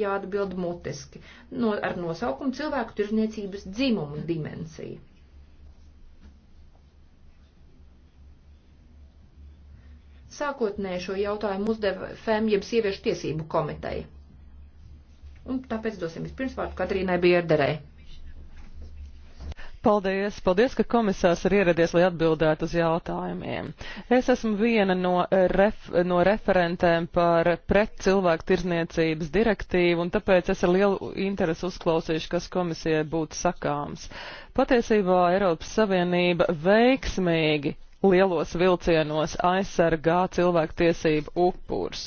jāatbild mutiski no, ar nosaukumu cilvēku tirzniecības dzimumu dimensija. Sākotnēji šo jautājumu uzdeva FEM jeb sieviešu tiesību komiteja. Un tāpēc dosim vispirms vārdu Katrīnai Bierderei. Paldies! Paldies, ka komisārs ir ieradies, lai atbildētu uz jautājumiem. Es esmu viena no, ref, no referentēm par pret cilvēku tirzniecības direktīvu, un tāpēc es ar lielu interesi uzklausīšu, kas komisijai būtu sakāms. Patiesībā Eiropas Savienība veiksmīgi lielos vilcienos aizsargā cilvēktiesību upurs.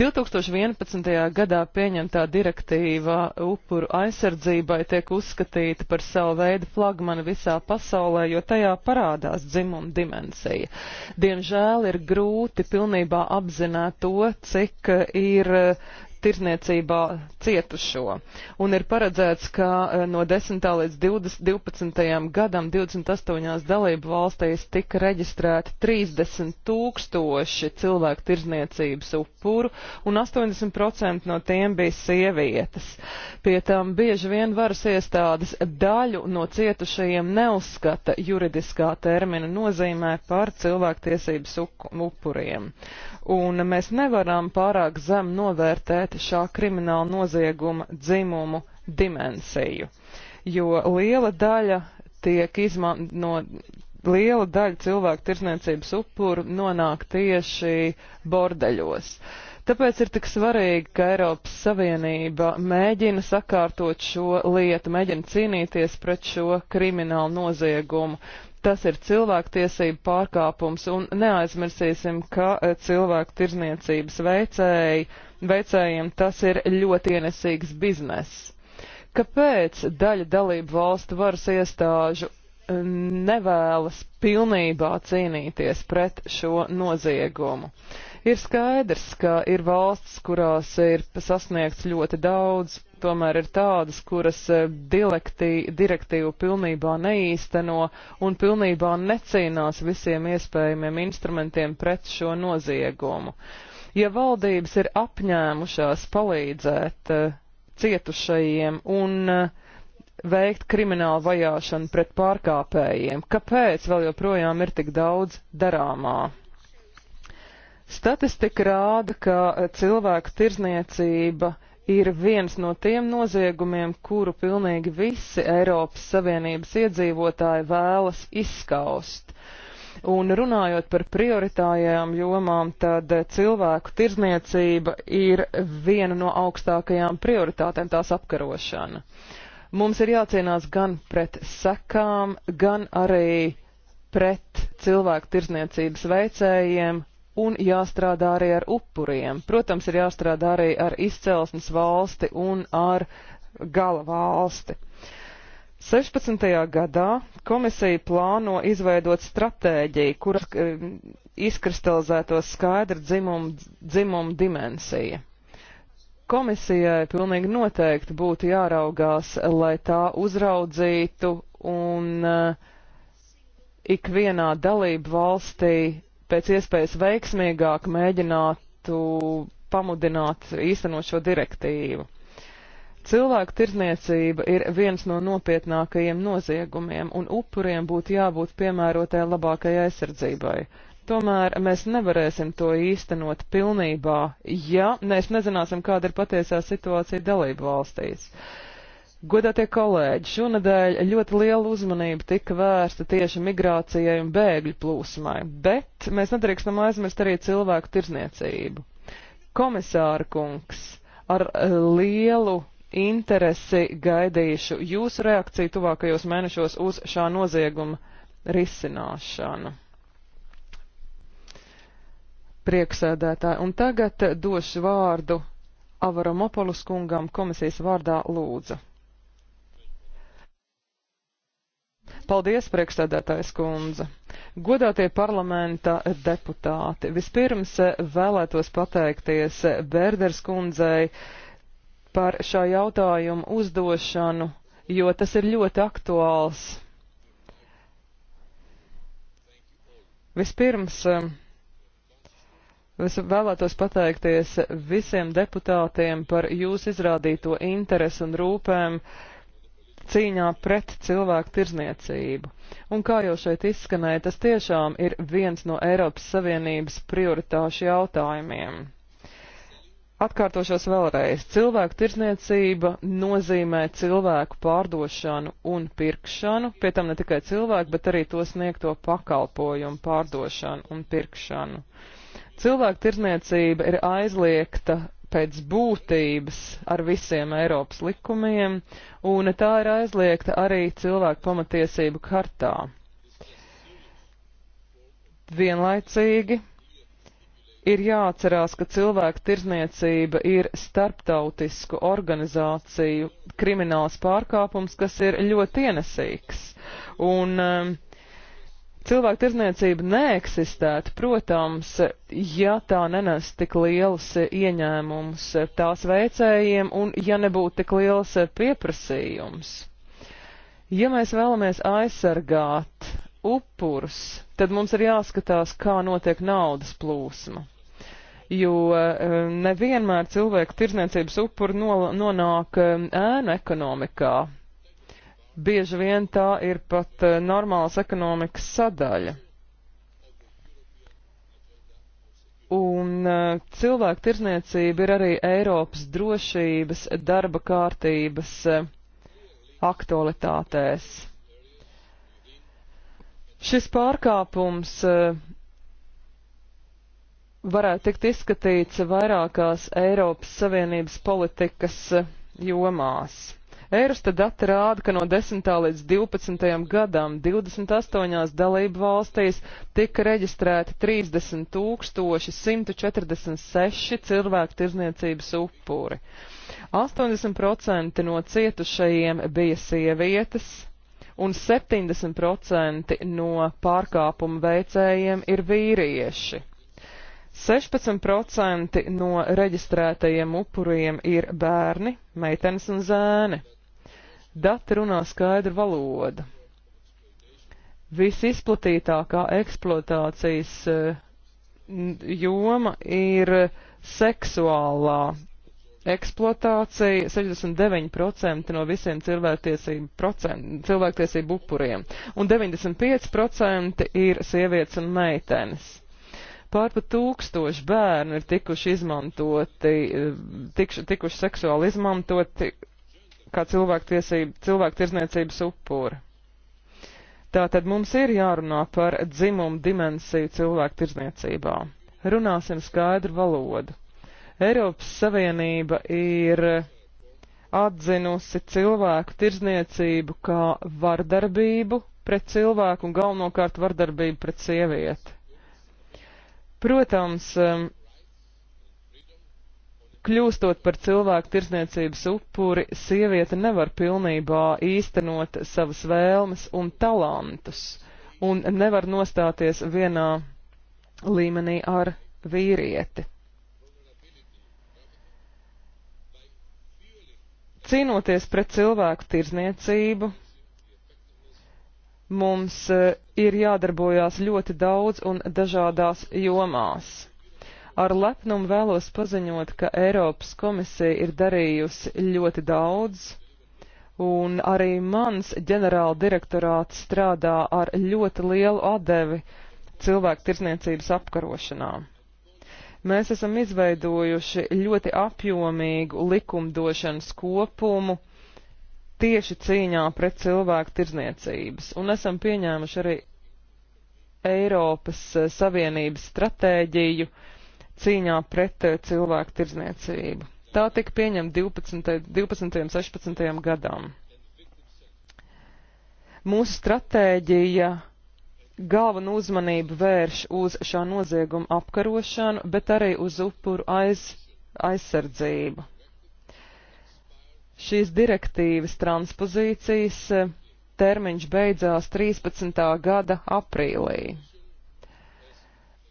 2011. gadā pieņemtā direktīva upuru aizsardzībai tiek uzskatīta par savu veidu flagmanu visā pasaulē, jo tajā parādās dzimuma dimensija. Diemžēl ir grūti pilnībā apzināt to, cik ir tirzniecībā cietušo. Un ir paredzēts, ka eh, no 10. līdz 20, 12. gadam 28. dalību valstīs tika reģistrēti 30 tūkstoši cilvēku tirzniecības upuru, un 80% no tiem bija sievietes. Pie tam bieži vien varas iestādes daļu no cietušajiem neuzskata juridiskā termina nozīmē par cilvēktiesības upuriem. Un mēs nevaram pārāk zem novērtēt izpēt šā krimināla nozieguma dzimumu dimensiju, jo liela daļa tiek izman, no, liela daļa cilvēku tirsniecības upuru nonāk tieši bordeļos. Tāpēc ir tik svarīgi, ka Eiropas Savienība mēģina sakārtot šo lietu, mēģina cīnīties pret šo kriminālu noziegumu. Tas ir cilvēktiesību pārkāpums, un neaizmirsīsim, ka e, cilvēku tirzniecības veicēji, veicējiem tas ir ļoti ienesīgs bizness. Kāpēc daļa dalību valstu varas iestāžu nevēlas pilnībā cīnīties pret šo noziegumu. Ir skaidrs, ka ir valsts, kurās ir sasniegts ļoti daudz, tomēr ir tādas, kuras e, dilektī, direktīvu pilnībā neīsteno un pilnībā necīnās visiem iespējamiem instrumentiem pret šo noziegumu. Ja valdības ir apņēmušās palīdzēt e, cietušajiem un uh, veikt kriminālu vajāšanu pret pārkāpējiem. Kāpēc vēl joprojām ir tik daudz darāmā? Statistika rāda, ka eh, cilvēku tirzniecība ir viens no tiem noziegumiem, kuru pilnīgi visi Eiropas Savienības iedzīvotāji vēlas izskaust. Un runājot par prioritājām jomām, tad eh, cilvēku tirzniecība ir viena no augstākajām prioritātēm tās apkarošana. Uh, Mums ir jācīnās gan pret sekām, gan arī pret cilvēku tirzniecības veicējiem un jāstrādā arī ar upuriem. Protams, ir jāstrādā arī ar izcelsmes valsti un ar gala valsti. 16. gadā komisija plāno izveidot stratēģiju, kuras eh, izkristalizētos skaidra dzimuma, dzimuma dimensija. Komisijai pilnīgi noteikti būtu jāraugās, lai tā uzraudzītu un eh, ikvienā dalību valstī pēc iespējas veiksmīgāk mēģinātu pamudināt īstenot šo direktīvu. Cilvēku tirzniecība ir viens no nopietnākajiem noziegumiem, un upuriem būtu jābūt piemērotai labākajai aizsardzībai. Tomēr mēs nevarēsim to īstenot pilnībā, ja mēs nezināsim, kāda ir patiesā situācija dalību valstīs. Godātie kolēģi, šonadēļ ļoti liela uzmanība tika vērsta tieši migrācijai un bēgļu plūsmai, bet mēs nedrīkstam aizmirst arī cilvēku tirzniecību. Komisāra kungs, ar eh, lielu interesi gaidīšu jūsu reakciju tuvākajos mēnešos uz šā nozieguma risināšanu prieksēdētāji. Un tagad došu vārdu Avaramopolus kungam komisijas vārdā lūdzu. Paldies, priekšsēdētājs kundze. Godātie parlamenta deputāti, vispirms vēlētos pateikties Bērders kundzei par šā jautājuma uzdošanu, jo tas ir ļoti aktuāls. Vispirms Es vēlētos pateikties visiem deputātiem par jūsu izrādīto interesi un rūpēm cīņā pret cilvēku tirzniecību. Un kā jau šeit izskanēja, tas tiešām ir viens no Eiropas Savienības prioritāšu jautājumiem. Atkārtošos vēlreiz. Cilvēku tirzniecība nozīmē cilvēku pārdošanu un pirkšanu, pie tam ne tikai cilvēku, bet arī to sniegto pakalpojumu pārdošanu un pirkšanu. Uh, Cilvēku tirzniecība ir aizliegta pēc būtības ar visiem Eiropas likumiem, un tā ir aizliegta arī cilvēku pamatiesību kartā. Vienlaicīgi ir jāatcerās, ka cilvēku tirzniecība ir starptautisku organizāciju krimināls pārkāpums, kas ir ļoti ienesīgs. Un, um, cilvēku tirzniecība neeksistētu, protams, ja tā nenes tik liels ieņēmums tās veicējiem un ja nebūtu tik liels pieprasījums. Ja mēs vēlamies aizsargāt upurus, tad mums ir jāskatās, kā notiek naudas plūsma. Jo eh, nevienmēr cilvēku tirzniecības upuri nonāk eh, ēnu ekonomikā, Bieži vien tā ir pat eh, normālas ekonomikas sadaļa. Un eh, cilvēku tirzniecība ir arī Eiropas drošības darba kārtības eh, aktualitātēs. Šis pārkāpums varētu tikt izskatīts vairākās Eiropas Savienības politikas jomās. Eirosta dati rāda, ka no 10. līdz 12. gadam 28 dalību valstīs tika reģistrēti 30 146 cilvēku tirzniecības upuri. 80% no cietušajiem bija sievietes, un 70% no pārkāpumu veicējiem ir vīrieši. 16% no reģistrētajiem upuriem ir bērni, meitenes un zēni. Dati runā skaidru valodu. Visizplatītākā eksploatācijas eh, joma ir seksuālā eksploatācija 69% no visiem cilvēktiesību, procent, cilvēktiesību upuriem, un 95% ir sievietes un meitenes. Pār pa tūkstoši bērnu ir tikuši izmantoti, eh, tikš, tikuši seksuāli izmantoti kā cilvēktirdzniecības upuri. Tātad mums ir jārunā par dzimumu dimensiju cilvēktirdzniecībā. Runāsim skaidru valodu. Eiropas Savienība ir atzinusi cilvēku tirdzniecību kā vardarbību pret cilvēku un galvenokārt vardarbību pret sievieti. Protams, Kļūstot par cilvēku tirsniecības upuri, sieviete nevar pilnībā īstenot savas vēlmes un talantus, un nevar nostāties vienā līmenī ar vīrieti. Cīnoties pret cilvēku tirzniecību, mums eh, ir jādarbojās ļoti daudz un dažādās jomās Ar lepnumu vēlos paziņot, ka Eiropas komisija ir darījusi ļoti daudz, un arī mans ģenerāla direktorāts strādā ar ļoti lielu atdevi cilvēku tirsniecības apkarošanā mēs esam izveidojuši ļoti apjomīgu likumdošanas kopumu tieši cīņā pret cilvēku tirzniecības, un esam pieņēmuši arī Eiropas Savienības stratēģiju uh, cīņā pret eh, cilvēku tirdzniecību. Tā tika pieņemta 12. 12. un 16. gadam. Mūsu stratēģija galvenu uzmanību vērš uz šā nozieguma apkarošanu, bet arī uz upuru aiz, aizsardzību. Šīs direktīvas transpozīcijas eh, termiņš beidzās 13. gada aprīlī.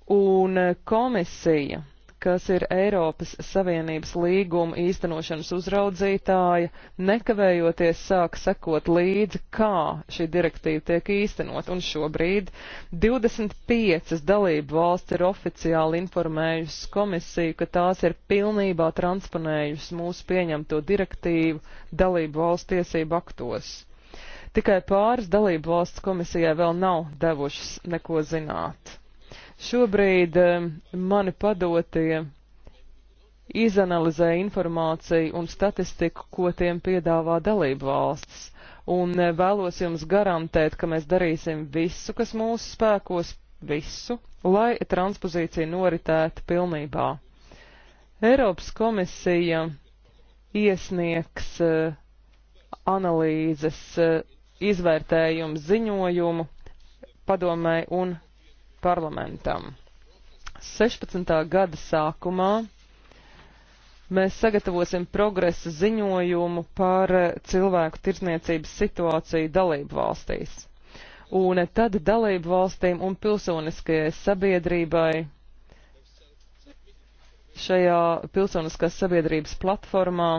Un eh, komisija, kas ir Eiropas Savienības līguma īstenošanas uzraudzītāja, nekavējoties sāk sekot līdzi, kā šī direktīva tiek īstenot. Un šobrīd 25 dalību valsts ir oficiāli informējusi komisiju, ka tās ir pilnībā transponējusi mūsu pieņemto direktīvu dalību valsts tiesību aktos. Tikai pāris dalību valsts komisijai vēl nav devušas neko zināt. Šobrīd eh, mani padotie izanalizē informāciju un statistiku, ko tiem piedāvā dalību valsts, un eh, vēlos jums garantēt, ka mēs darīsim visu, kas mūsu spēkos, visu, lai transpozīcija noritētu pilnībā. Eiropas komisija iesniegs uh, analīzes uh, izvērtējumu ziņojumu padomē un parlamentam. 16. gada sākumā mēs sagatavosim progresa ziņojumu par eh, cilvēku tirzniecības situāciju dalību valstīs. Un eh, tad dalību valstīm un pilsoniskajai sabiedrībai šajā pilsoniskās sabiedrības platformā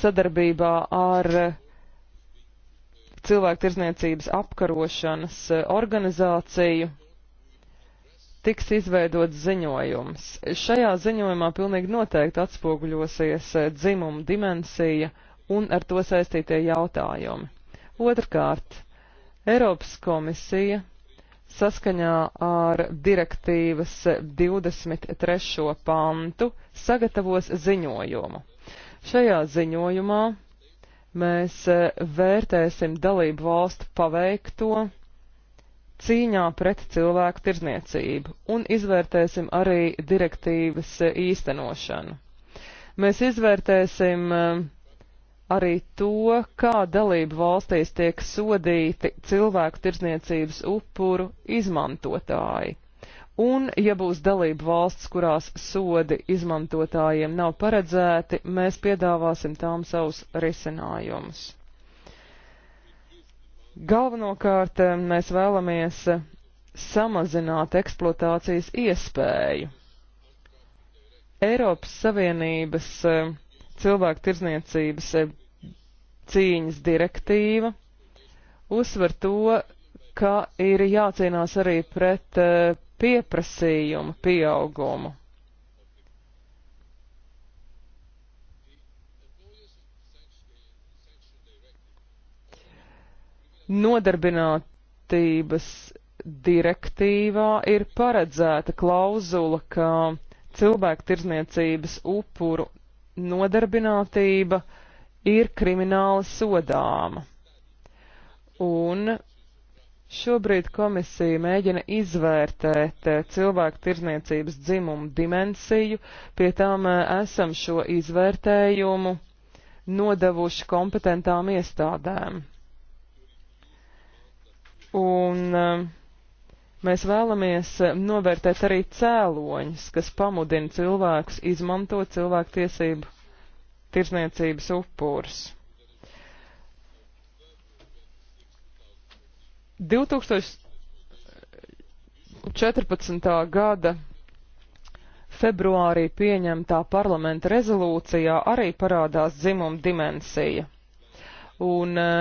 sadarbībā ar cilvēktirzniecības apkarošanas eh, organizāciju tiks izveidots ziņojums. Šajā ziņojumā pilnīgi noteikti atspoguļosies eh, dzimuma dimensija un ar to saistītie jautājumi. Otrkārt, Eiropas komisija saskaņā ar direktīvas 23. Eh, pantu sagatavos ziņojumu. Šajā ziņojumā Mēs e, vērtēsim dalību valstu paveikto cīņā pret cilvēku tirzniecību un izvērtēsim arī direktīvas e, īstenošanu. Mēs izvērtēsim e, arī to, kā dalību valstīs tiek sodīti cilvēku tirzniecības upuru izmantotāji Un, ja būs dalība valsts, kurās sodi izmantotājiem nav paredzēti, mēs piedāvāsim tām savus risinājumus. Galvenokārt eh, mēs vēlamies eh, samazināt eksploatācijas iespēju. Eiropas Savienības eh, cilvēku tirdzniecības cīņas direktīva uzsver to, ka ir jācīnās arī pret pieprasījuma pieaugumu. Nodarbinātības direktīvā ir paredzēta klauzula, ka cilvēku tirzniecības upuru nodarbinātība ir krimināli sodāma. Un Šobrīd komisija mēģina izvērtēt eh, cilvēku tirzniecības dzimumu dimensiju, pie tām eh, esam šo izvērtējumu nodevuši kompetentām iestādēm. Un eh, mēs vēlamies novērtēt arī cēloņus, kas pamudina cilvēkus izmantot cilvēku tiesību tirzniecības upurus. 2014. Eh, gada februārī pieņemtā parlamenta rezolūcijā arī parādās dzimuma dimensija. Un eh,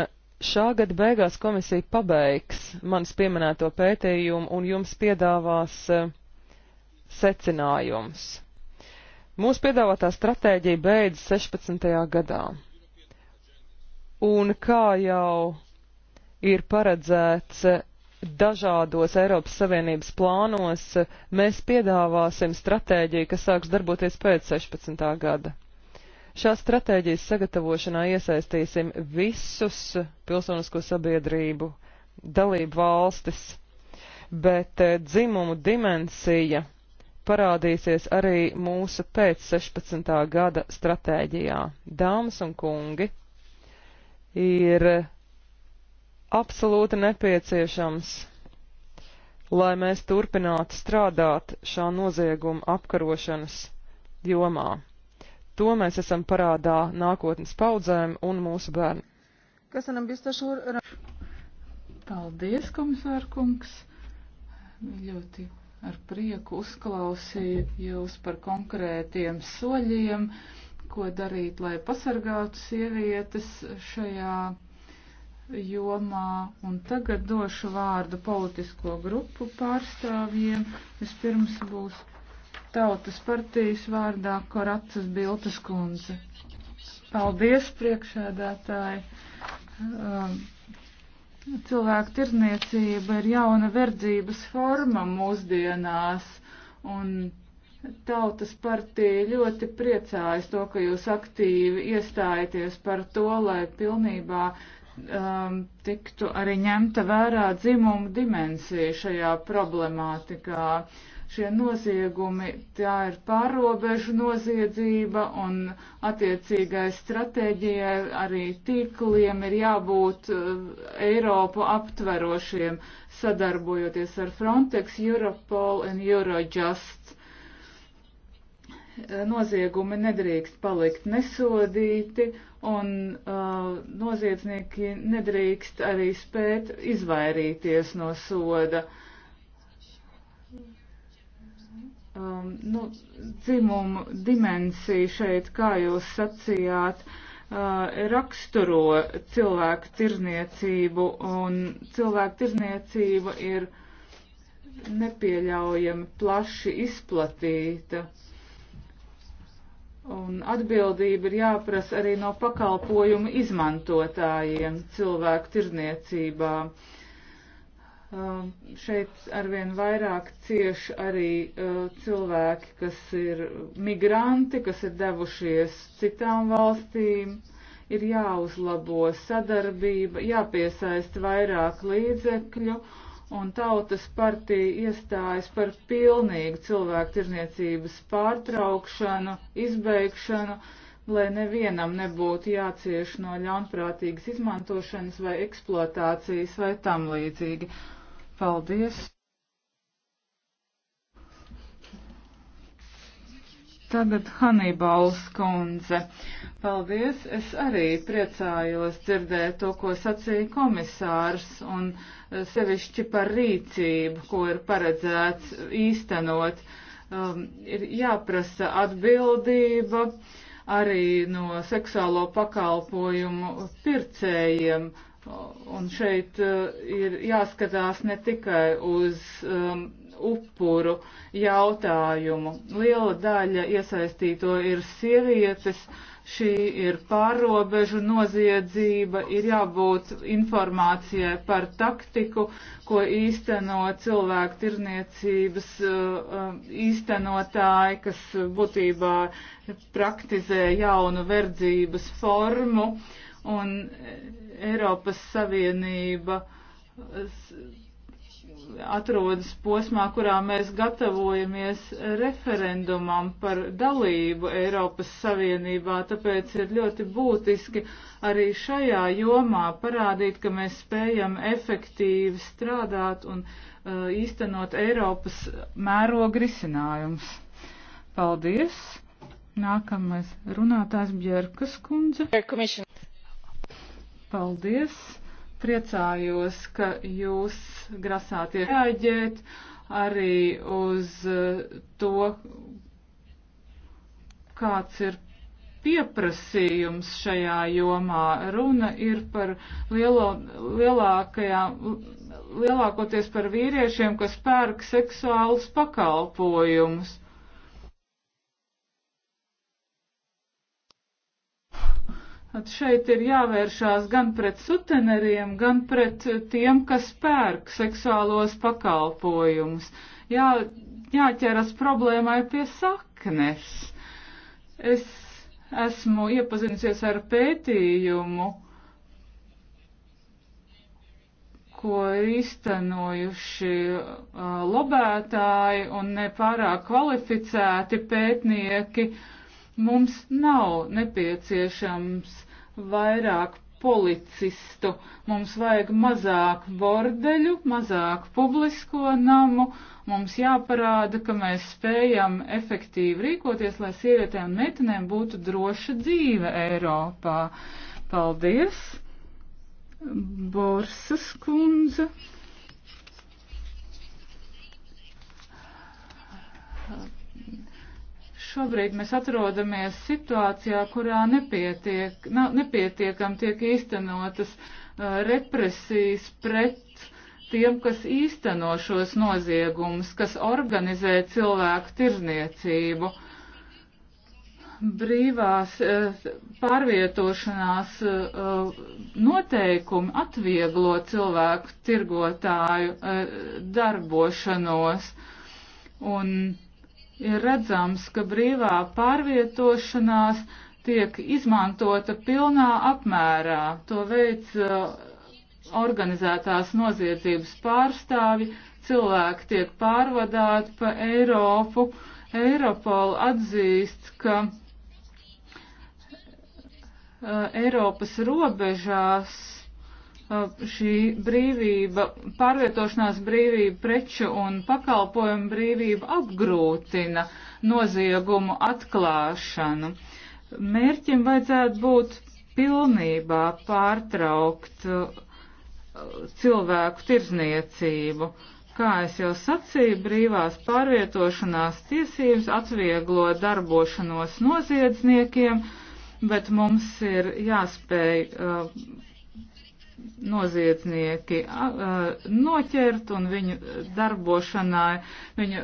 šā gada beigās komisija pabeigs manis pieminēto pētījumu un jums piedāvās eh, secinājums. Mūsu piedāvātā stratēģija beidz 16. gadā. Un kā jau ir paredzēts eh, dažādos Eiropas Savienības plānos, eh, mēs piedāvāsim stratēģiju, kas sāks darboties pēc 16. gada. Šā stratēģijas sagatavošanā iesaistīsim visus pilsonisko sabiedrību, dalību valstis, bet eh, dzimumu dimensija parādīsies arī mūsu pēc 16. gada stratēģijā. Dāmas un kungi, ir absolūti nepieciešams, lai mēs turpinātu strādāt šā nozieguma apkarošanas jomā. To mēs esam parādā nākotnes paudzēm un mūsu bērniem. Kas anam biztos ur? Paldies, komisārkungs! Ļoti ar prieku uzklausīju jūs par konkrētiem soļiem, ko darīt, lai pasargātu sievietes šajā jomā, un tagad došu vārdu politisko grupu pārstāvjiem. Vispirms būs Tautas partijas vārdā Koracas Biltas kundze. Paldies, priekšēdētāji! Um, cilvēku tirzniecība ir jauna verdzības forma mūsdienās, un Tautas partija ļoti priecājas to, ka jūs aktīvi iestājaties par to, lai pilnībā um, tiktu arī ņemta vērā dzimuma dimensija šajā problemātikā. Šie noziegumi, tā ir pārobežu noziedzība un attiecīgai stratēģijai arī tīkliem ir jābūt uh, Eiropu aptverošiem, sadarbojoties ar Frontex, Europol un Eurojust noziegumi nedrīkst palikt nesodīti un uh, noziedznieki nedrīkst arī spēt izvairīties no soda. Um, nu, dzimumu dimensija šeit, kā jūs sacījāt, uh, raksturo cilvēku tirzniecību un cilvēku tirzniecība ir nepieļaujami plaši izplatīta. Uh, Un atbildība ir jāprasa arī no pakalpojumu izmantotājiem cilvēku tirzniecībā. Um, šeit arvien vairāk cieši arī uh, cilvēki, kas ir migranti, kas ir devušies citām valstīm. Ir jāuzlabo sadarbība, jāpiesaista vairāk līdzekļu un tautas partija iestājas par pilnīgu cilvēku tirzniecības pārtraukšanu, izbeigšanu, lai nevienam nebūtu jācieš no ļaunprātīgas izmantošanas vai eksploatācijas vai tam līdzīgi. Paldies! Tagad Hannibals kundze. Paldies! Es arī priecājos dzirdēt to, ko sacīja komisārs, un e, sevišķi par rīcību, ko ir paredzēts īstenot. Um, ir jāprasa atbildība arī no seksuālo pakalpojumu pircējiem, un šeit uh, ir jāskatās ne tikai uz um, upuru jautājumu. Liela daļa iesaistīto ir sievietes. Uh, Šī ir pārobežu noziedzība, ir jābūt informācijai par taktiku, ko īsteno cilvēku tirniecības uh, um, īstenotāji, kas būtībā praktizē jaunu verdzības formu. Un Eiropas Savienība atrodas posmā, kurā mēs gatavojamies referendumam par dalību Eiropas Savienībā, tāpēc ir ļoti būtiski arī šajā jomā parādīt, ka mēs spējam efektīvi strādāt un uh, īstenot Eiropas mēroga risinājums. Paldies! Nākamais runātājs Bjerkas kundze. Paldies! priecājos, ka jūs grasāties reaģēt arī uz eh, to, kāds ir pieprasījums šajā jomā. Runa ir par lielo, lielākajām, lielākoties par vīriešiem, kas pērk seksuālus pakalpojumus. At šeit ir jāvēršās gan pret suteneriem, gan pret tiem, kas pērk seksuālos pakalpojumus. Jā, jāķeras problēmai pie saknes. Es esmu iepazinusies ar pētījumu, ko ir iztenojuši lobētāji un nepārāk kvalificēti pētnieki Mums nav nepieciešams vairāk policistu, mums vajag mazāk bordeļu, mazāk publisko namu, mums jāparāda, ka mēs spējam efektīvi rīkoties, lai sievietēm un meitenēm būtu droša dzīve Eiropā. Paldies! Borsas kundze. Uh, Šobrīd mēs atrodamies situācijā, kurā nepietiek, nav, nepietiekam tiek īstenotas uh, represijas pret tiem, kas īsteno šos noziegumus, kas organizē cilvēku tirzniecību. Brīvās uh, pārvietošanās uh, noteikumi atvieglo cilvēku tirgotāju darbošanos. Un ir redzams, ka brīvā pārvietošanās tiek izmantota pilnā apmērā. To veids uh, organizētās noziedzības pārstāvi, cilvēki tiek pārvadāti pa Eiropu. Eiropola atzīst, ka uh, Eiropas robežās Uh, šī brīvība, pārvietošanās brīvība, preču un pakalpojumu brīvība apgrūtina noziegumu atklāšanu. Mērķim vajadzētu būt pilnībā pārtraukt uh, cilvēku tirzniecību. Kā es jau sacīju, brīvās pārvietošanās tiesības atvieglo darbošanos noziedzniekiem, bet mums ir jāspēj uh, noziedznieki noķert un viņu darbošanai, viņu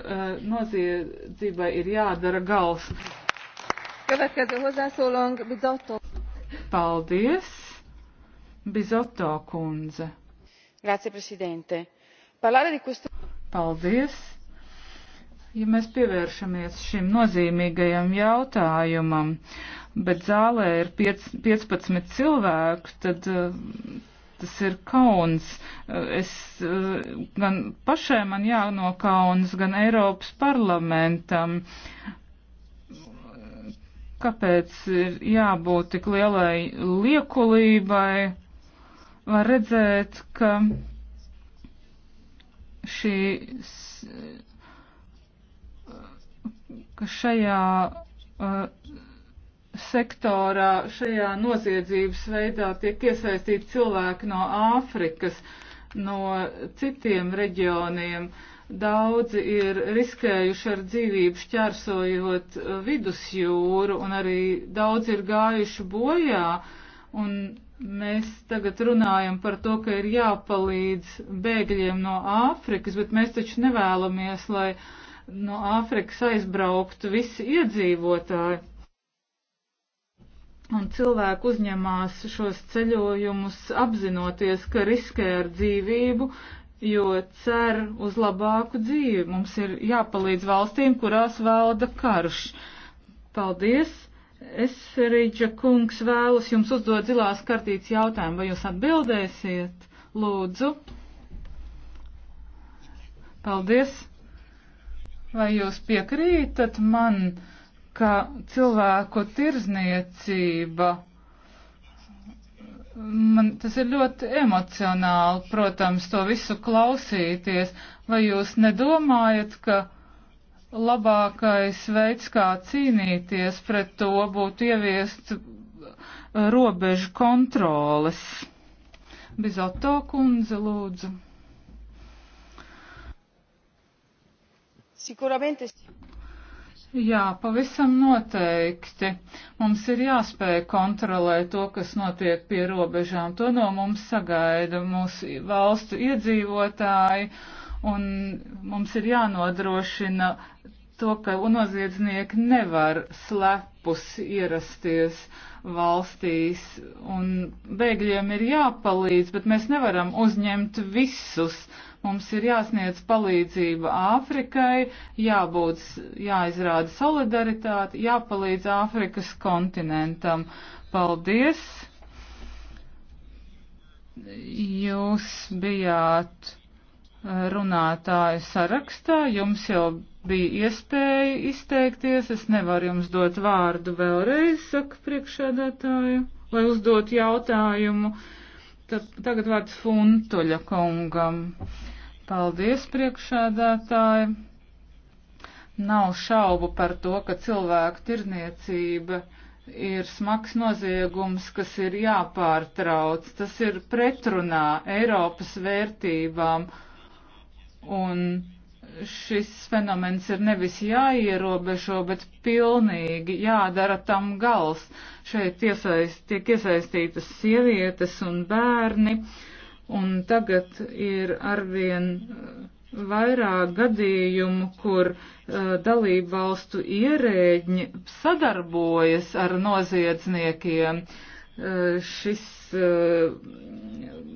noziedzībai ir jādara gals. Paldies, Bizoto kundze. Grazie, prezidente. Paldies. Ja mēs pievēršamies šim nozīmīgajam jautājumam, bet zālē ir 15 cilvēku, tad Tas ir kauns. Es gan pašai man jānokauns, gan Eiropas parlamentam. Kāpēc ir jābūt tik lielai liekulībai? Var redzēt, ka šī, ka šajā uh, sektorā šajā noziedzības veidā tiek iesaistīti cilvēki no Āfrikas, no citiem reģioniem. Daudzi ir riskējuši ar dzīvību šķērsojot uh, vidusjūru un arī daudzi ir gājuši bojā. Un mēs tagad runājam par to, ka ir jāpalīdz bēgļiem no Āfrikas, bet mēs taču nevēlamies, lai no Āfrikas aizbrauktu visi iedzīvotāji Un cilvēki uzņemās šos ceļojumus apzinoties, ka riskē ar dzīvību, jo cer uz labāku dzīvi. Mums ir jāpalīdz valstīm, kurās valda karš. Paldies! Es, Rīģa kungs, vēlas jums uzdot zilās kartītes jautājumu. Vai jūs atbildēsiet? Lūdzu. Paldies. Vai jūs piekrītat man? ka cilvēku tirzniecība, man tas ir ļoti emocionāli, protams, to visu klausīties, vai jūs nedomājat, ka labākais veids, kā cīnīties pret to, būtu ieviest uh, robežu kontroles. Bizoto kundze, lūdzu. Sicuramente. Jā, pavisam noteikti. Mums ir jāspēj kontrolēt to, kas notiek pie robežām. To no mums sagaida mūsu valstu iedzīvotāji, un mums ir jānodrošina to, ka noziedznieki nevar slepus ierasties valstīs, un bēgļiem ir jāpalīdz, bet mēs nevaram uzņemt visus Mums ir jāsniedz palīdzība Āfrikai, jābūt, jāizrāda solidaritāte, jāpalīdz Āfrikas kontinentam. Paldies! Jūs bijāt runātāju sarakstā, jums jau bija iespēja izteikties, es nevaru jums dot vārdu vēlreiz, saka priekšēdētāju, lai uzdot jautājumu. Tagad vārds Funtuļa kungam. Paldies, priekšādātāji. Nav šaubu par to, ka cilvēku tirniecība ir smags noziegums, kas ir jāpārtrauc. Tas ir pretrunā Eiropas vērtībām un šis fenomens ir nevis jāierobežo, bet pilnīgi jādara tam gals. Šeit iesaist, tiek iesaistītas sievietes un bērni, un tagad ir arvien uh, vairāk gadījumu, kur uh, dalību valstu ierēģi sadarbojas ar noziedzniekiem. Uh, šis Eh,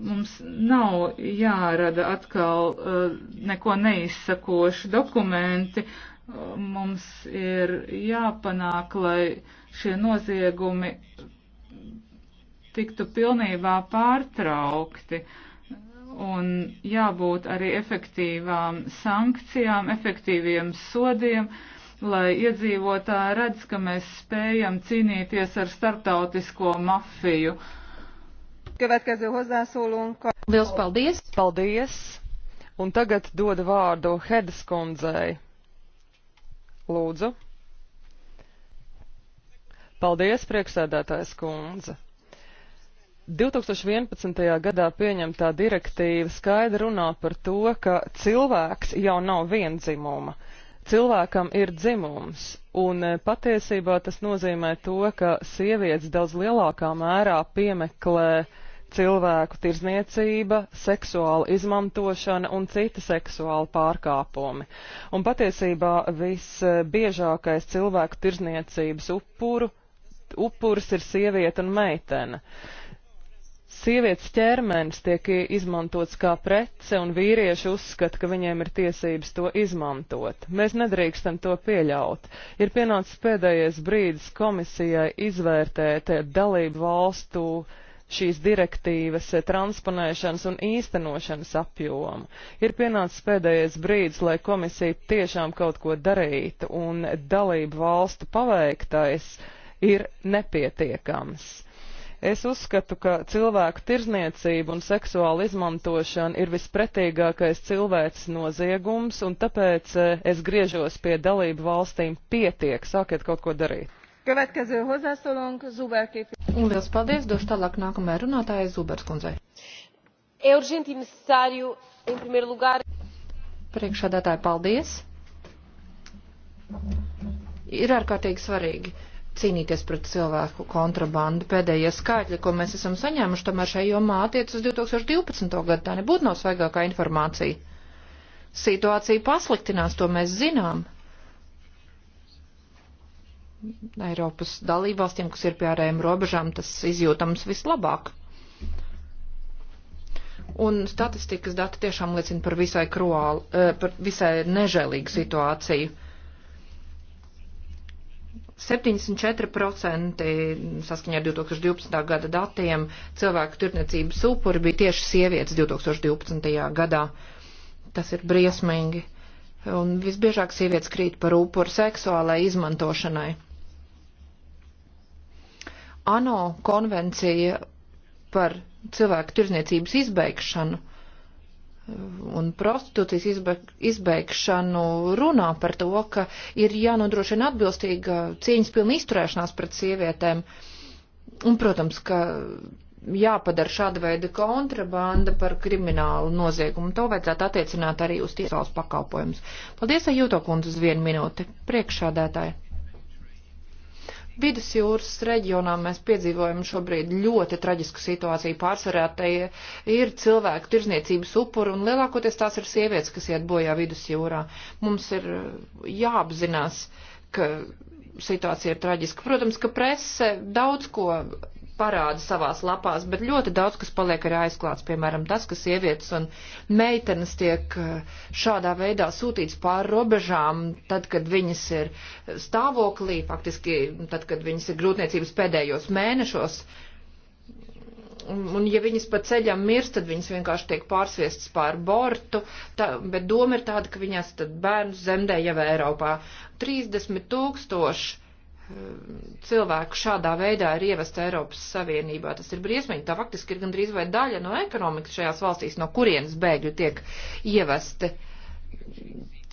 mums nav jārada atkal eh, neko neizsakoši dokumenti, mums ir jāpanāk, lai šie noziegumi tiktu pilnībā pārtraukti un jābūt arī efektīvām sankcijām, efektīviem sodiem, lai iedzīvotāji redz, ka mēs spējam cīnīties ar starptautisko mafiju. Uh, Liels paldies! Paldies! Un tagad dodu vārdu Hedas kundzei. Lūdzu. Paldies, priekšsēdētājs kundze. 2011. gadā pieņemtā direktīva skaidri runā par to, ka cilvēks jau nav vienzimuma. Cilvēkam ir dzimums, un e, patiesībā tas nozīmē to, ka sievietes daudz lielākā mērā piemeklē uh, cilvēku tirzniecība, seksuāla izmantošana un citi seksuāli pārkāpumi. Un patiesībā visbiežākais cilvēku tirzniecības upuru, upurs ir sieviete un meitene. Sievietes ķermenis tiek izmantots kā prece, un vīrieši uzskata, ka viņiem ir tiesības to izmantot. Mēs nedrīkstam to pieļaut. Ir pienācis pēdējais brīdis komisijai izvērtēt eh, dalību valstu uh, šīs direktīvas eh, transponēšanas un īstenošanas apjomu. Ir pienācis pēdējais brīdis, lai komisija tiešām kaut ko darītu, un dalību valstu paveiktais ir nepietiekams. Es uzskatu, ka cilvēku tirzniecība un seksuāla izmantošana ir vispretīgākais cilvēks noziegums, un tāpēc eh, es griežos pie dalību valstīm pietiek, sākiet kaut ko darīt. Un liels paldies, došu tālāk nākamajai runātājai Zubers kundzei. E Priekšādātāji, paldies. Ir ārkārtīgi svarīgi cīnīties pret cilvēku kontrabandu. Pēdējie skaitļi, ko mēs esam saņēmuši, tomēr šai jomā attiec uz 2012. gadu. Tā nebūtu nav svaigākā informācija. Situācija pasliktinās, to mēs zinām. Eiropas dalībvalstiem, kas ir pie ārējiem robežām, tas izjūtams vislabāk. Un statistikas dati tiešām liecina par visai kruālu, eh, par visai nežēlīgu situāciju. 74% saskaņā ar 2012. gada datiem cilvēku tirniecības upuri bija tieši sievietes 2012. gadā. Tas ir briesmīgi. Un visbiežāk sievietes krīt par upuru seksuālai izmantošanai. ANO konvencija par cilvēku tirzniecības izbeigšanu uh, un prostitūcijas izbeigšanu runā par to, ka ir jānodrošina atbilstīga cīņas pilna izturēšanās pret sievietēm. Un, protams, ka jāpadara šāda veida kontrabanda par kriminālu noziegumu. To vajadzētu attiecināt arī uz tiesāls pakalpojumus. Paldies, Ajūto kundze, uz vienu minūti. Priekšādētāji. Vidusjūras reģionā mēs piedzīvojam šobrīd ļoti traģisku situāciju. Pārsvarā te ir cilvēku tirzniecības upuri un lielākoties tās ir sievietes, kas iet bojā vidusjūrā. Mums ir uh, jāapzinās, ka situācija ir traģiska. Protams, ka prese daudz ko parāda savās lapās, bet ļoti daudz, kas paliek arī aizklāts, piemēram, tas, ka sievietes un meitenes tiek eh, šādā veidā sūtīts pāri robežām, tad, kad viņas ir stāvoklī, faktiski, tad, kad viņas ir grūtniecības pēdējos mēnešos, un, un ja viņas pa ceļam mirst, tad viņas vienkārši tiek pārsviestas pār bortu, tā, bet doma ir tāda, ka viņas tad bērnus zemdē jau Eiropā. 30 tūkstoši cilvēku šādā veidā ir ievesta Eiropas Savienībā. Tas ir briesmīgi. Tā faktiski ir gandrīz vai daļa no ekonomikas šajās valstīs, no kurienes bēgļu tiek ievesti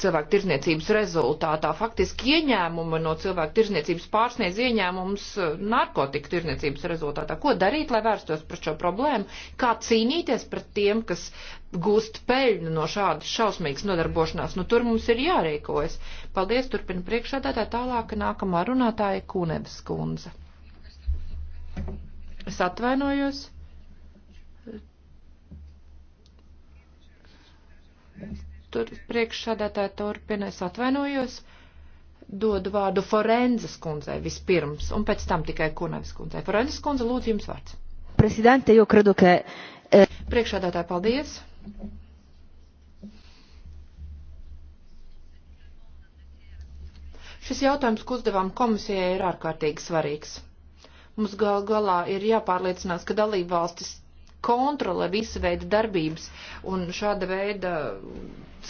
cilvēku tirzniecības rezultātā. Faktiski ieņēmumi no cilvēku tirzniecības pārsniedz ieņēmumus eh, narkotiku tirzniecības rezultātā. Ko darīt, lai vērstos pret šo problēmu? Kā cīnīties pret tiem, kas gūst peļņu no šādas šausmīgas nodarbošanās. Nu, tur mums ir jārīkojas. Paldies, turpina priekšādātāja tālāk nākamā runātāja Kūnevis kundze. Es atvainojos. Tur priekšādātāja turpina, es atvainojos. Dodu vārdu Forenzas kundzei vispirms, un pēc tam tikai Kūnevis kundzei. Forenzas kundze, lūdzu jums vārds. Prezidente, jo credo, ka... Eh, priekšādātāja, paldies. Šis jautājums, ko uzdevām komisijai, ir ārkārtīgi svarīgs. Mums gal galā ir jāpārliecinās, ka dalībvalstis kontrole visu veidu darbības un šāda veida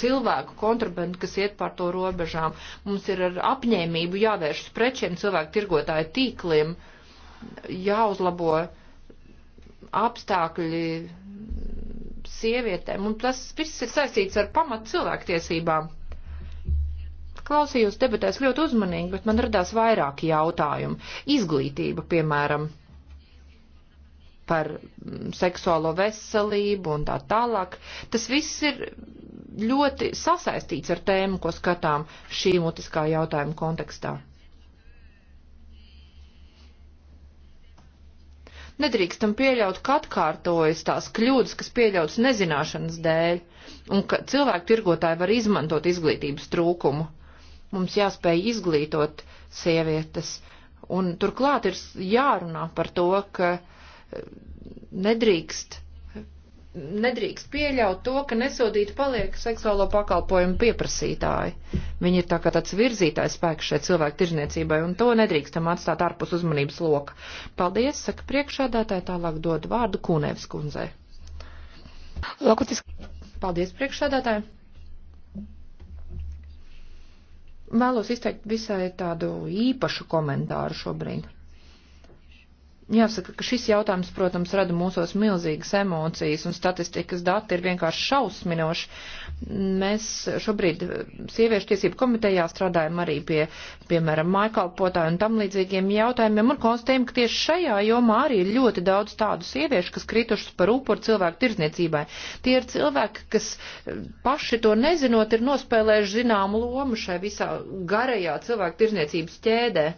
cilvēku kontrabandu, kas iet pār to robežām. Mums ir ar apņēmību jāvēršas pret šiem cilvēku tirgotāju tīkliem, jāuzlabo apstākļi sievietēm, un tas viss ir saistīts ar pamat cilvēktiesībām. Klausījos debatēs ļoti uzmanīgi, bet man radās vairāki jautājumi. Izglītība, piemēram, par mm, seksuālo veselību un tā tālāk. Tas viss ir ļoti sasaistīts ar tēmu, ko skatām šī mutiskā jautājuma kontekstā. Nedrīkstam pieļaut, ka atkārtojas tās kļūdas, kas pieļautas nezināšanas dēļ, un ka cilvēku tirgotāji var izmantot izglītības trūkumu. Mums jāspēj izglītot sievietes, un turklāt ir jārunā par to, ka eh, nedrīkst nedrīkst pieļaut to, ka nesodīti paliek seksuālo pakalpojumu pieprasītāji. Viņi ir tā kā tāds virzītājs spēks šai cilvēku tirzniecībai, un to nedrīkstam atstāt ārpus uzmanības loka. Paldies, saka priekšādātāji, tālāk dod vārdu Kūnēvis kundzei. Lakutis. Paldies, priekšādātāji. Vēlos izteikt visai tādu īpašu komentāru šobrīd. Jāsaka, ka šis jautājums, protams, rada mūsos milzīgas emocijas, un statistikas dati ir vienkārši šausminoši. Mēs šobrīd eh, sieviešu tiesību komitejā strādājam arī pie, piemēram, mājkalpotāju un tam līdzīgiem jautājumiem, un konstatējam, ka tieši šajā jomā arī ir ļoti daudz tādu sieviešu, kas kritušas par upuru cilvēku tirdzniecībai. Tie ir cilvēki, kas eh, paši to nezinot, ir nospēlējuši zināmu lomu šai visā garajā cilvēku tirdzniecības ķēdē.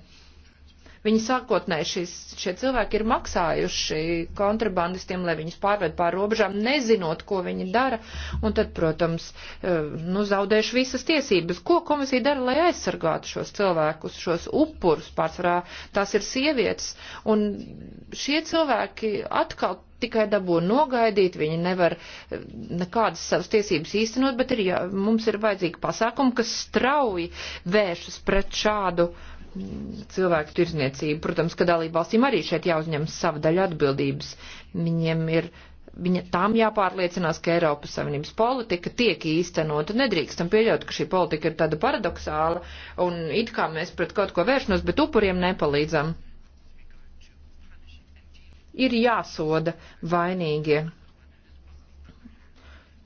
Viņi sākotnēji šis, šie cilvēki ir maksājuši kontrabandistiem, lai viņus pārved pār robežām, nezinot, ko viņi dara, un tad, protams, eh, nu, zaudējuši visas tiesības. Ko komisija dara, lai aizsargātu šos cilvēkus, šos upurus pārsvarā? Tās ir sievietes, un šie cilvēki atkal tikai dabū nogaidīt, viņi nevar eh, nekādas savas tiesības īstenot, bet ir, jā, mums ir vajadzīgi pasākumi, kas strauji vēršas pret šādu uh, cilvēku tirzniecību. Protams, ka dalību valstīm arī šeit jāuzņem sava daļa atbildības. Viņiem ir viņa, tām jāpārliecinās, ka Eiropas Savienības politika tiek īstenota. Nedrīkstam pieļaut, ka šī politika ir tāda paradoxāla un it kā mēs pret kaut ko vēršanos, bet upuriem nepalīdzam. Ir jāsoda vainīgie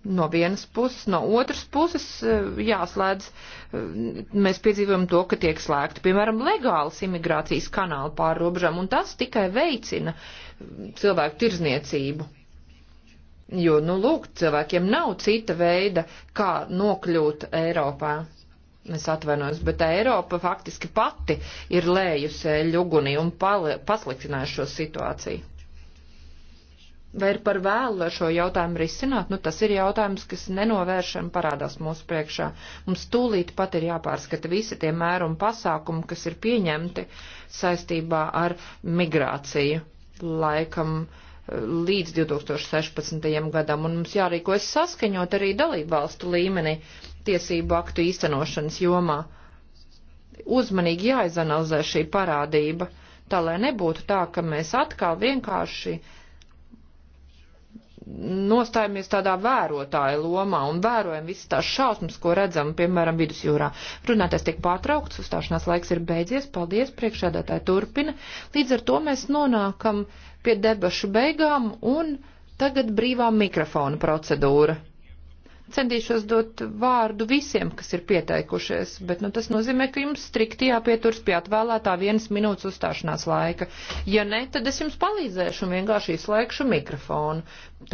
no vienas puses, no otras puses eh, jāslēdz, eh, mēs piedzīvojam to, ka tiek slēgti, piemēram, legāls imigrācijas kanāli pār robežām, un tas tikai veicina eh, cilvēku tirzniecību. Jo, nu, lūk, cilvēkiem nav cita veida, kā nokļūt Eiropā. Es atvainojos, bet Eiropa faktiski pati ir lējusi eļugunī un pasliktinājušo situāciju. Vai ir par vēlu ar šo jautājumu risināt? Nu, tas ir jautājums, kas nenovēršami parādās mūsu priekšā. Mums tūlīt pat ir jāpārskata visi tie mērumi pasākumi, kas ir pieņemti saistībā ar migrāciju laikam eh, līdz 2016. gadam, un mums jārīkojas saskaņot arī dalību valstu līmenī tiesību aktu īstenošanas jomā. Uzmanīgi jāizanalizē šī parādība, tā lai nebūtu tā, ka mēs atkal vienkārši nostājamies tādā vērotāja lomā un vērojam visas tās šausmas, ko redzam, piemēram, vidusjūrā. Runātais tiek pārtraukts, uzstāšanās laiks ir beidzies, paldies, priekšēdētāji turpina. Līdz ar to mēs nonākam pie debašu beigām un tagad brīvā mikrofona procedūra. Centīšos dot vārdu visiem, kas ir pieteikušies, bet nu, tas nozīmē, ka jums strikti jāpieturas pie atvēlētā vienas minūtes uzstāšanās laika. Ja ne, tad es jums palīdzēšu un vienkārši izslēgšu mikrofonu,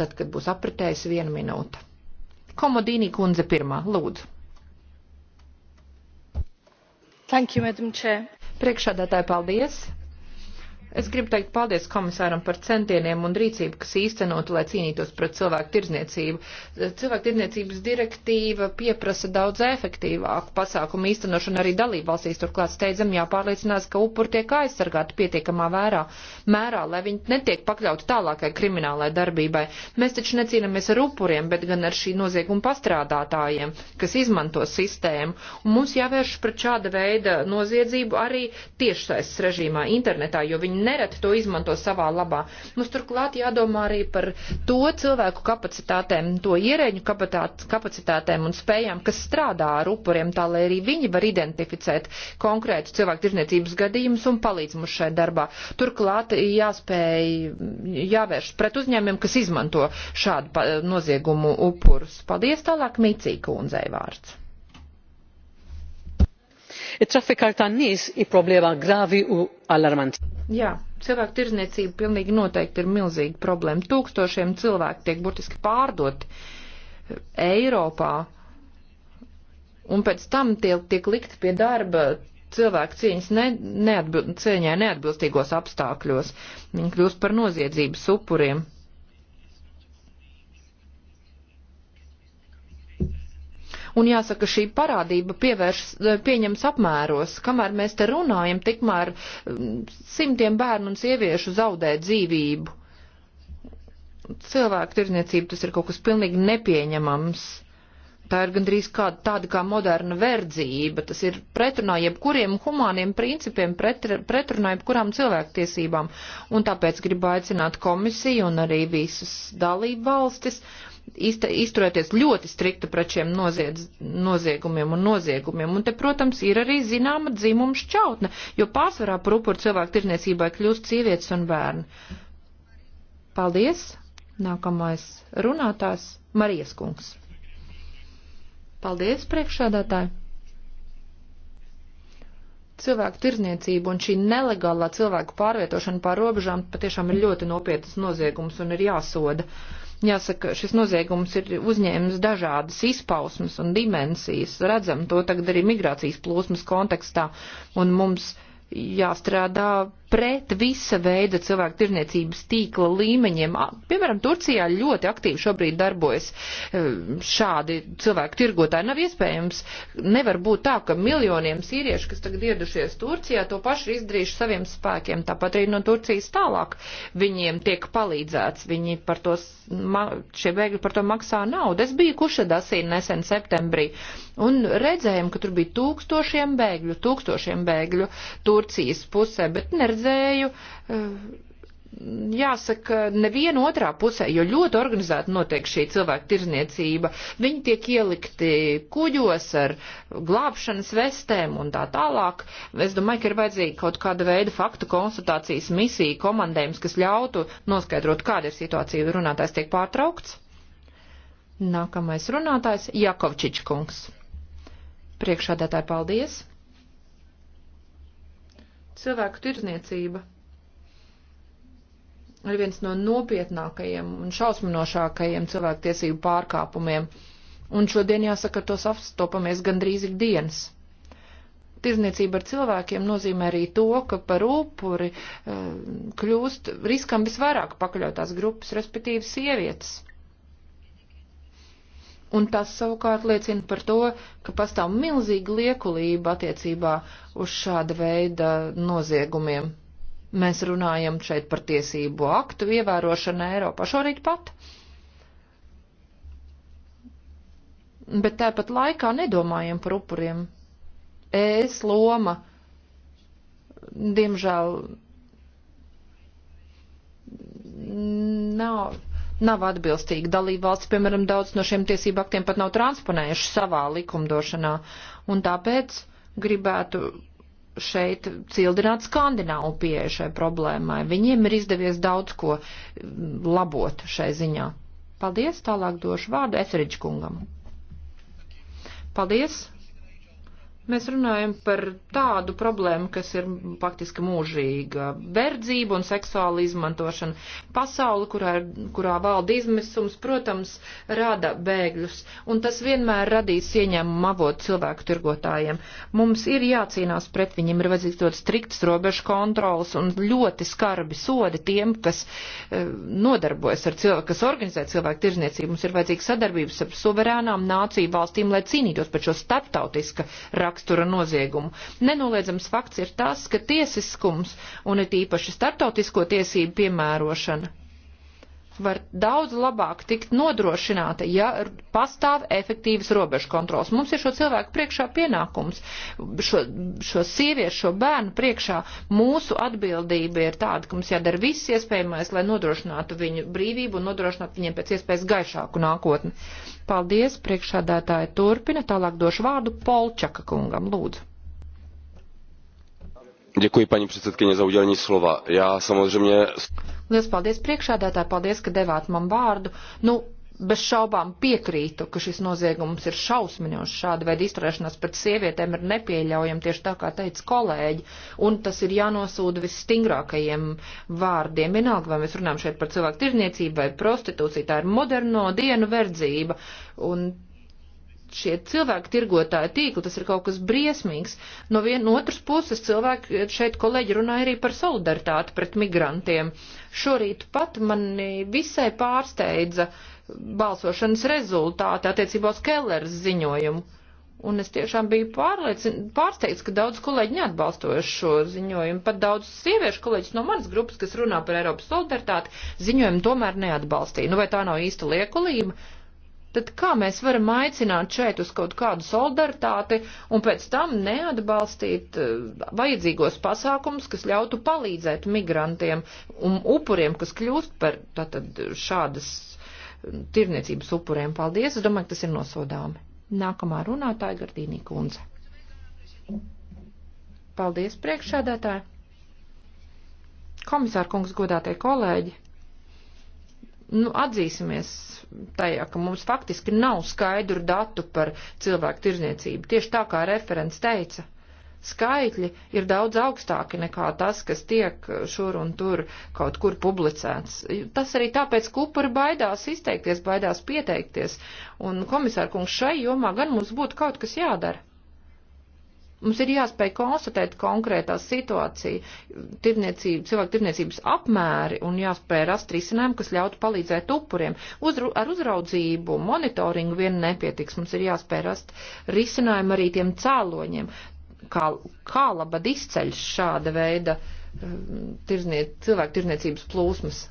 tad, kad būs apritējis viena minūte. Komodīnī kundze pirmā, lūdzu. Thank you, Madam Chair. Priekšādātāji, paldies! Es gribu teikt paldies komisāram par centieniem un rīcību, kas īstenot, lai cīnītos pret cilvēku tirdzniecību. Cilvēku tirdzniecības direktīva pieprasa daudz efektīvāku pasākumu īstenošanu arī dalībvalstīs. Turklāt steidzam jāpārliecinās, ka upuri tiek aizsargāti pietiekamā vērā, mērā, lai viņi netiek pakļauti tālākai kriminālai darbībai. Mēs taču necīnāmies ar upuriem, bet gan ar šī nozieguma pastrādātājiem, kas izmanto sistēmu. Un mums jāvērš pret šāda veida noziedzību arī tiešsaistes režīmā internetā, jo viņi nereti to izmanto savā labā. Mums turklāt jādomā arī par to cilvēku kapacitātēm, to ierēģu kapacitātēm un spējām, kas strādā ar upuriem, tā lai arī viņi var identificēt konkrētu cilvēku tirzniecības gadījumus un palīdz mums šai darbā. Turklāt jāspēj jāvērš pret uzņēmiem, kas izmanto šādu noziegumu upurus. Paldies tālāk Mīcī kundzei vārds it-traffikar tan-nies nu hi problema gravi u allarmanti. Jā, cilvēku tirzniecība pilnīgi noteikti ir milzīga problēma. Tūkstošiem cilvēku tiek burtiski pārdoti eh, Eiropā, un pēc tam tie tiek likti pie darba cilvēku cieņas ne, neatbil, cieņai neatbilstīgos apstākļos. Viņi kļūst par noziedzības upuriem. Un jāsaka, šī parādība pievērš, eh, pieņems apmēros. Kamēr mēs te runājam, tikmēr mm, simtiem bērnu un sieviešu zaudē dzīvību. Cilvēku tirzniecība tas ir kaut kas pilnīgi nepieņemams. Tā ir gandrīz kā, tāda kā moderna verdzība. Tas ir pretrunā jebkuriem humāniem principiem, pret, pretrunā jebkurām cilvēktiesībām. Un tāpēc gribu aicināt komisiju un arī visas dalību valstis uh, izturēties ļoti strikti pret šiem noziedz, noziegumiem un noziegumiem. Un te, protams, ir arī zināma dzimuma šķautne, jo pārsvarā par upuru cilvēku tirniecībai kļūst sievietes un bērni. Paldies! Nākamais runātājs Marijas kungs. Paldies, priekšsādātāji! cilvēku tirzniecība un šī nelegālā cilvēku pārvietošana pār robežām patiešām ir ļoti nopietnas noziegums un ir jāsoda. Uh, Jāsaka, šis noziegums ir uzņēmis dažādas izpausmes un dimensijas. Redzam to tagad arī migrācijas plūsmas kontekstā, un mums jāstrādā pret visa veida cilvēku tirniecības tīkla līmeņiem. Piemēram, Turcijā ļoti aktīvi šobrīd darbojas e, šādi cilvēku tirgotāji. Nav iespējams, nevar būt tā, ka miljoniem sīriešu, kas tagad ieradušies Turcijā, to pašu izdarījuši saviem spēkiem. Tāpat arī no Turcijas tālāk viņiem tiek palīdzēts. Viņi par to, šie bēgļi par to maksā naudu. Es biju Kušadasī nesen septembrī un redzējām, ka tur bija tūkstošiem bēgļu, tūkstošiem bēgļu Turcijas pusē, bet neredzējām redzēju, eh, jāsaka, nevienu otrā pusē, jo ļoti organizēti notiek šī cilvēku tirzniecība. Viņi tiek ielikti kuģos ar glābšanas vestēm un tā tālāk. Es domāju, ka ir vajadzīga kaut kāda veida faktu konstatācijas misija, komandējums, kas ļautu noskaidrot, kāda ir situācija, jo runātājs tiek pārtraukts. Nākamais runātājs - Jakovčičkungs. Priekšādātāji, paldies! Cilvēku tirzniecība ir viens no nopietnākajiem un šausminošākajiem cilvēktiesību pārkāpumiem, un šodien jāsaka, ar to sastopamies gandrīz ik dienas. Tirzniecība ar cilvēkiem nozīmē arī to, ka par upuri eh, kļūst riskam visvairāk pakļautās grupas, respektīvi sievietes. Un tas savukārt liecina par to, ka pastāv milzīga liekulība attiecībā uz šāda veida noziegumiem. Mēs runājam šeit par tiesību aktu ievērošanu Eiropā šorīt pat. Bet tāpat laikā nedomājam par upuriem. Es loma, diemžēl, nav. No nav atbilstīgi. Dalībvalsts, piemēram, daudz no šiem tiesību aktiem pat nav transponējuši savā likumdošanā. Un tāpēc gribētu šeit cildināt skandināvu pieeju šai problēmai. Viņiem ir izdevies daudz ko mm, labot šai ziņā. Paldies, tālāk došu vārdu Etheridge kungam. Paldies! Mēs runājam par tādu problēmu, kas ir faktiski mūžīga - verdzība un seksuāla izmantošana. Pasauli, kurā, kurā valda izmisums, protams, rada bēgļus, un tas vienmēr radīs ieņēmumu avotu cilvēku tirgotājiem. Mums ir jācīnās pret viņiem, ir vajadzīgs dot strikts robežu kontrols un ļoti skarbi sodi tiem, kas e, nodarbojas ar cilvēku, kas organizē cilvēku tirzniecību. Mums ir vajadzīga sadarbības ar suverēnām nāciju valstīm, lai cīnītos par šo starptautiska raksturu rakstura noziegumu. Nenoliedzams fakts ir tas, ka tiesiskums un it īpaši startautisko tiesību piemērošana var daudz labāk tikt nodrošināta, ja pastāv efektīvas robežu kontrols. Mums ir šo cilvēku priekšā pienākums, šo, šo sieviešu, šo bērnu priekšā mūsu atbildība ir tāda, ka mums jādara viss iespējamais, lai nodrošinātu viņu brīvību un nodrošinātu viņiem pēc iespējas gaišāku nākotni paldies, priekšādātāja turpina, tālāk došu vārdu Polčaka kungam, lūdzu. Děkuji, paní předsedkyně, za udělení slova. Já samozřejmě... Liels paldies priekšādātāji, paldies, ka devāt man vārdu. Nu, bez šaubām piekrītu, ka šis noziegums ir šausminošs. Šāda veida izturēšanās pret sievietēm ir nepieļaujama tieši tā, kā teica kolēģi, un tas ir jānosūda visstingrākajiem vārdiem. Vienalga, vai mēs runājam šeit par cilvēku tirniecību vai prostitūciju, tā ir moderno dienu verdzība. Un šie cilvēku tirgotāja tīkli, tas ir kaut kas briesmīgs. No vienas no otras puses cilvēki šeit kolēģi runāja arī par solidaritāti pret migrantiem. Šorīt pat mani visai pārsteidza uh, balsošanas rezultāti attiecībā uz Kellers ziņojumu. Un es tiešām biju pārsteigts, ka daudz kolēģi neatbalstoja šo ziņojumu. Pat daudz sieviešu kolēģis no manas grupas, kas runā par Eiropas solidaritāti, ziņojumu tomēr neatbalstīja. Nu vai tā nav īsta liekulība? Tad kā mēs varam aicināt šeit uz kaut kādu solidaritāti un pēc tam neatbalstīt eh, vajadzīgos pasākums, kas ļautu palīdzēt migrantiem un upuriem, kas kļūst par tātad šādas tirniecības upuriem. Paldies, es domāju, ka tas ir nosodāmi. Nākamā runātāja Gardīnī kundze. Paldies, priekšsēdētāji. Komisāra kungs, godātie kolēģi, nu, atzīsimies tajā, ka mums faktiski nav skaidru datu par cilvēku tirzniecību, tieši tā kā referents teica skaitļi ir daudz augstāki nekā tas, kas tiek šur un tur kaut kur publicēts. Tas arī tāpēc, ka upuri baidās izteikties, baidās pieteikties, un komisārkungs šai jomā gan mums būtu kaut kas jādara. Mums ir jāspēj konstatēt konkrētā situācija, tirniecība, cilvēku tirniecības apmēri un jāspēj rast risinājumu, kas ļautu palīdzēt upuriem. Uzru, ar uzraudzību, monitoringu vien nepietiks. Mums ir jāspēj rast risinājumu arī tiem cēloņiem kā, kā labad izceļ šāda veida mm, tirzniec, cilvēku tirzniecības plūsmas.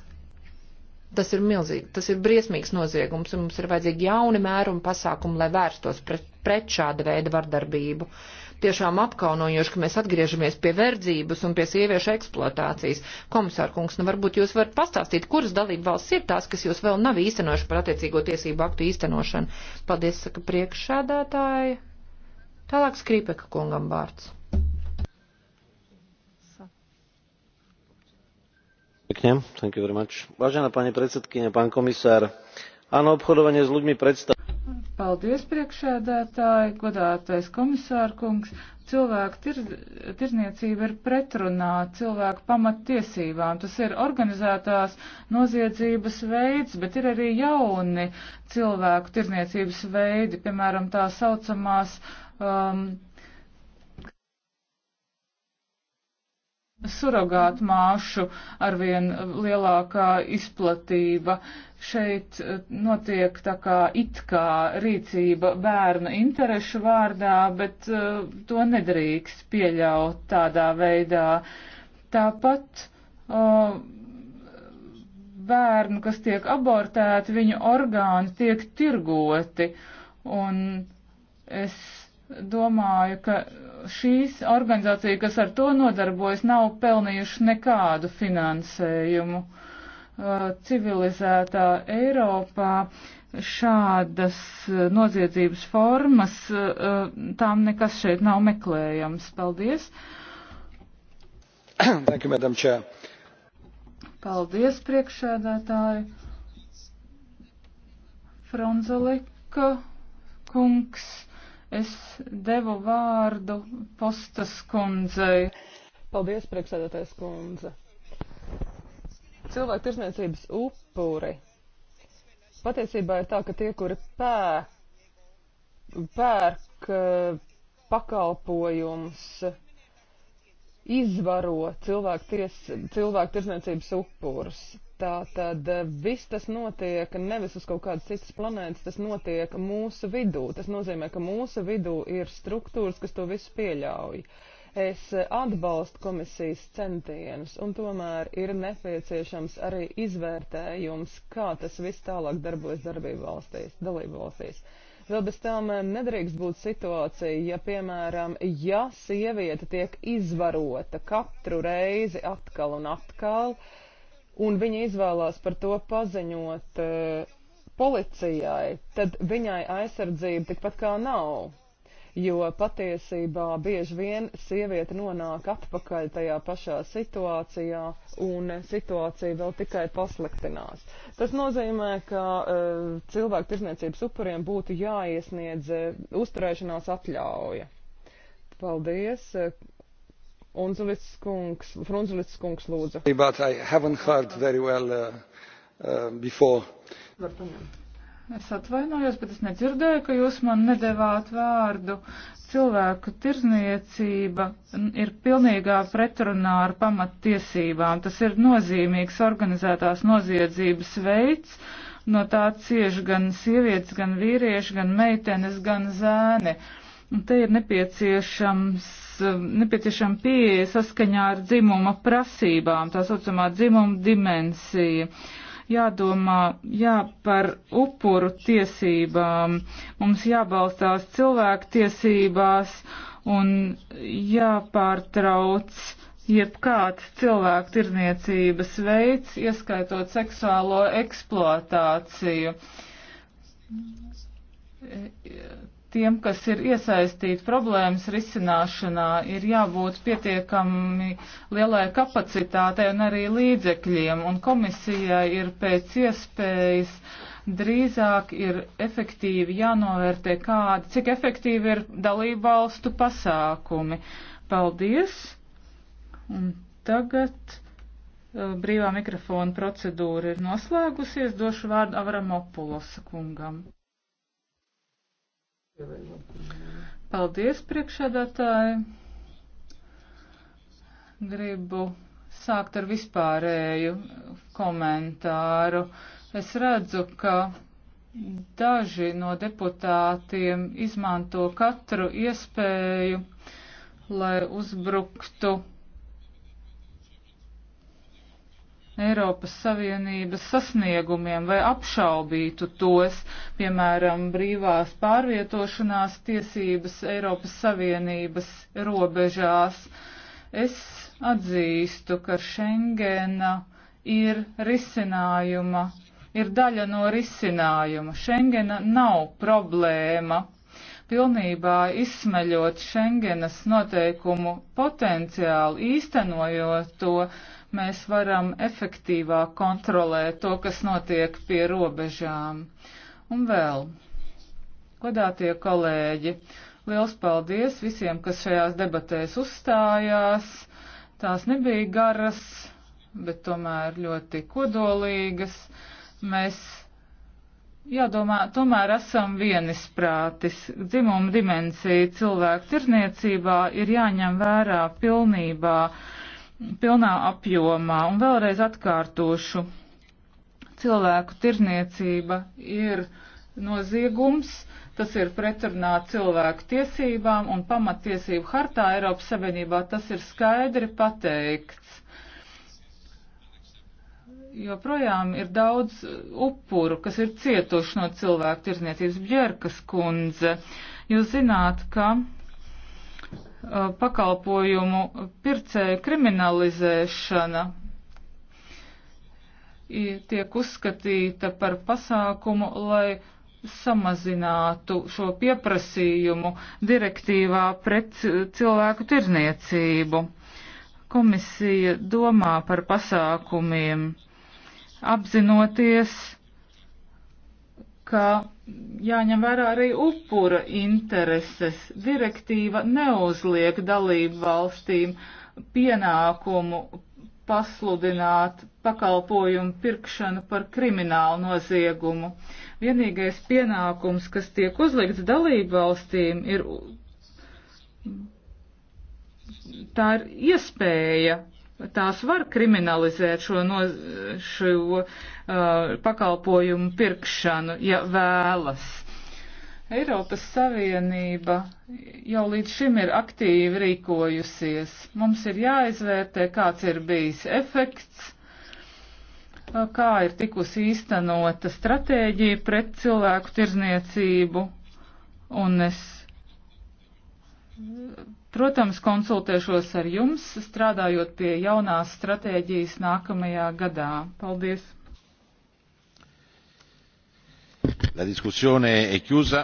Tas ir milzīgi, tas ir briesmīgs noziegums, un mums ir vajadzīgi jauni mērumi pasākumi, lai vērstos pret, pret šāda veida vardarbību. Tiešām apkaunojoši, ka mēs atgriežamies pie verdzības un pie sieviešu eksploatācijas. Komisār kungs, nu varbūt jūs varat pastāstīt, kuras dalība valsts ir tās, kas jūs vēl nav īstenojuši par attiecīgo tiesību aktu īstenošanu. Paldies, saka priekšsēdētāji. Tālāk Skripeka kungam vārds. Vážená pani predsedkyne, pán komisár, áno, obchodovanie s ľuďmi predstavuje. Paldies, priekšēdētāji, godātais komisārkungs. Cilvēku tir, tirniecība ir pretrunā cilvēku pamattiesībām. Tas ir organizētās noziedzības veids, bet ir arī jauni cilvēku tirniecības veidi, piemēram, tā saucamās uh, um, surogātu māšu arvien lielākā izplatība. Šeit uh, notiek tā kā it kā rīcība bērnu interešu vārdā, bet uh, to nedrīkst pieļaut tādā veidā. Tāpat uh, bērnu, kas tiek abortēti, viņu orgāni tiek tirgoti. Un es domāju, ka šīs organizācija, kas ar to nodarbojas, nav pelnījuši nekādu finansējumu. Uh, civilizētā Eiropā šādas uh, noziedzības formas, uh, tām nekas šeit nav meklējams. Paldies! Thank you, Madam Chair. Paldies, priekšsēdētāji. Fronzalika kungs. Es devu vārdu postas kundzei. Paldies, priekšsēdētājs kundze. Cilvēku tirsniecības upuri. Patiesībā ir tā, ka tie, kuri pēk, pērk eh, pakalpojums, izvaro cilvēku, ties, cilvēku tirsniecības upurus. Tā tad eh, viss tas notiek nevis uz kaut kādas citas planētas, tas notiek mūsu vidū. Tas nozīmē, ka mūsu vidū ir struktūras, kas to visu pieļauj. Es eh, atbalstu komisijas centienus, un tomēr ir nepieciešams arī izvērtējums, kā tas viss tālāk darbojas darbību valstīs, dalību valstīs. Vēl bez tām eh, nedrīkst būt situācija, ja, piemēram, ja sieviete tiek izvarota katru reizi atkal un atkal, uh, un viņa izvēlās par to paziņot uh, policijai, tad viņai aizsardzība tikpat kā nav. Jo patiesībā bieži vien sieviete nonāk atpakaļ tajā pašā situācijā, un situācija vēl tikai pasliktinās. Tas nozīmē, ka uh, cilvēku tirzniecības upuriem būtu jāiesniedz uh, uzturēšanās atļauja. Paldies! Uh, Frunzulis kungs, Frunzulis kungs lūdzu. But I haven't heard very well uh, uh, before. Es atvainojos, bet es nedzirdēju, ka jūs man nedēvāt vārdu. Cilvēku tirzniecība ir pilnīgā pretrunā ar pamattiesībām. Tas ir nozīmīgs organizētās noziedzības veids. No tā cieši gan sievietes, gan vīrieši, gan meitenes, gan zēni. Un te ir nepieciešams Um, nepieciešama pieeja saskaņā ar dzimuma prasībām, tā saucamā dzimuma dimensija. Jādomā jā, par upuru tiesībām, mums jābalstās cilvēku tiesībās un jāpārtrauc jebkāds cilvēku tirniecības veids, ieskaitot seksuālo eksploatāciju tiem, kas ir iesaistīti problēmas risināšanā, ir jābūt pietiekami lielai kapacitātei un arī līdzekļiem, un komisijai ir pēc iespējas drīzāk ir efektīvi jānovērtē, kāda, cik efektīvi ir dalībvalstu pasākumi. Paldies! Un tagad uh, brīvā mikrofona procedūra ir noslēgusies. Došu vārdu Avramopulosa kungam. Paldies, priekšsēdētāji. Gribu sākt ar vispārēju komentāru. Es redzu, ka daži no deputātiem izmanto katru iespēju, lai uzbruktu Eiropas Savienības sasniegumiem vai apšaubītu tos, piemēram, brīvās pārvietošanās tiesības Eiropas Savienības robežās. Es atzīstu, ka Schengena ir risinājuma, ir daļa no risinājuma. Schengena nav problēma pilnībā izsmeļot Schengenas noteikumu potenciālu, īstenojot to, mēs varam efektīvāk kontrolēt to, kas notiek pie robežām. Un vēl, godātie kolēģi, liels paldies visiem, kas šajās debatēs uzstājās. Tās nebija garas, bet tomēr ļoti kodolīgas. Mēs jādomā, tomēr esam vienisprātis. Dzimuma dimensija cilvēku tirzniecībā ir jāņem vērā pilnībā, pilnā apjomā. Un vēlreiz atkārtošu, cilvēku tirzniecība ir noziegums, tas ir pretrunā cilvēku tiesībām un pamattiesību hartā Eiropas Savienībā tas ir skaidri pateikts joprojām ir daudz upuru, kas ir cietuši no cilvēku tirzniecības ģerkas kundze. Jūs zināt, ka pakalpojumu pircēju kriminalizēšana tiek uzskatīta par pasākumu, lai samazinātu šo pieprasījumu direktīvā pret cilvēku tirzniecību. Komisija domā par pasākumiem apzinoties, ka jāņem vērā arī upura intereses. Direktīva neuzliek dalību valstīm pienākumu pasludināt pakalpojumu pirkšanu par kriminālu noziegumu. Vienīgais pienākums, kas tiek uzlikts dalību valstīm, ir tā ir iespēja tās var kriminalizēt šo, no, šo uh, pakalpojumu pirkšanu, ja vēlas. Eiropas Savienība jau līdz šim ir aktīvi rīkojusies. Mums ir jāizvērtē, kāds ir bijis efekts, uh, kā ir tikusi īstenota stratēģija pret cilvēku tirzniecību, un es Protams, konsultēšos ar jums, strādājot pie jaunās stratēģijas nākamajā gadā. Paldies! La discussione è chiusa.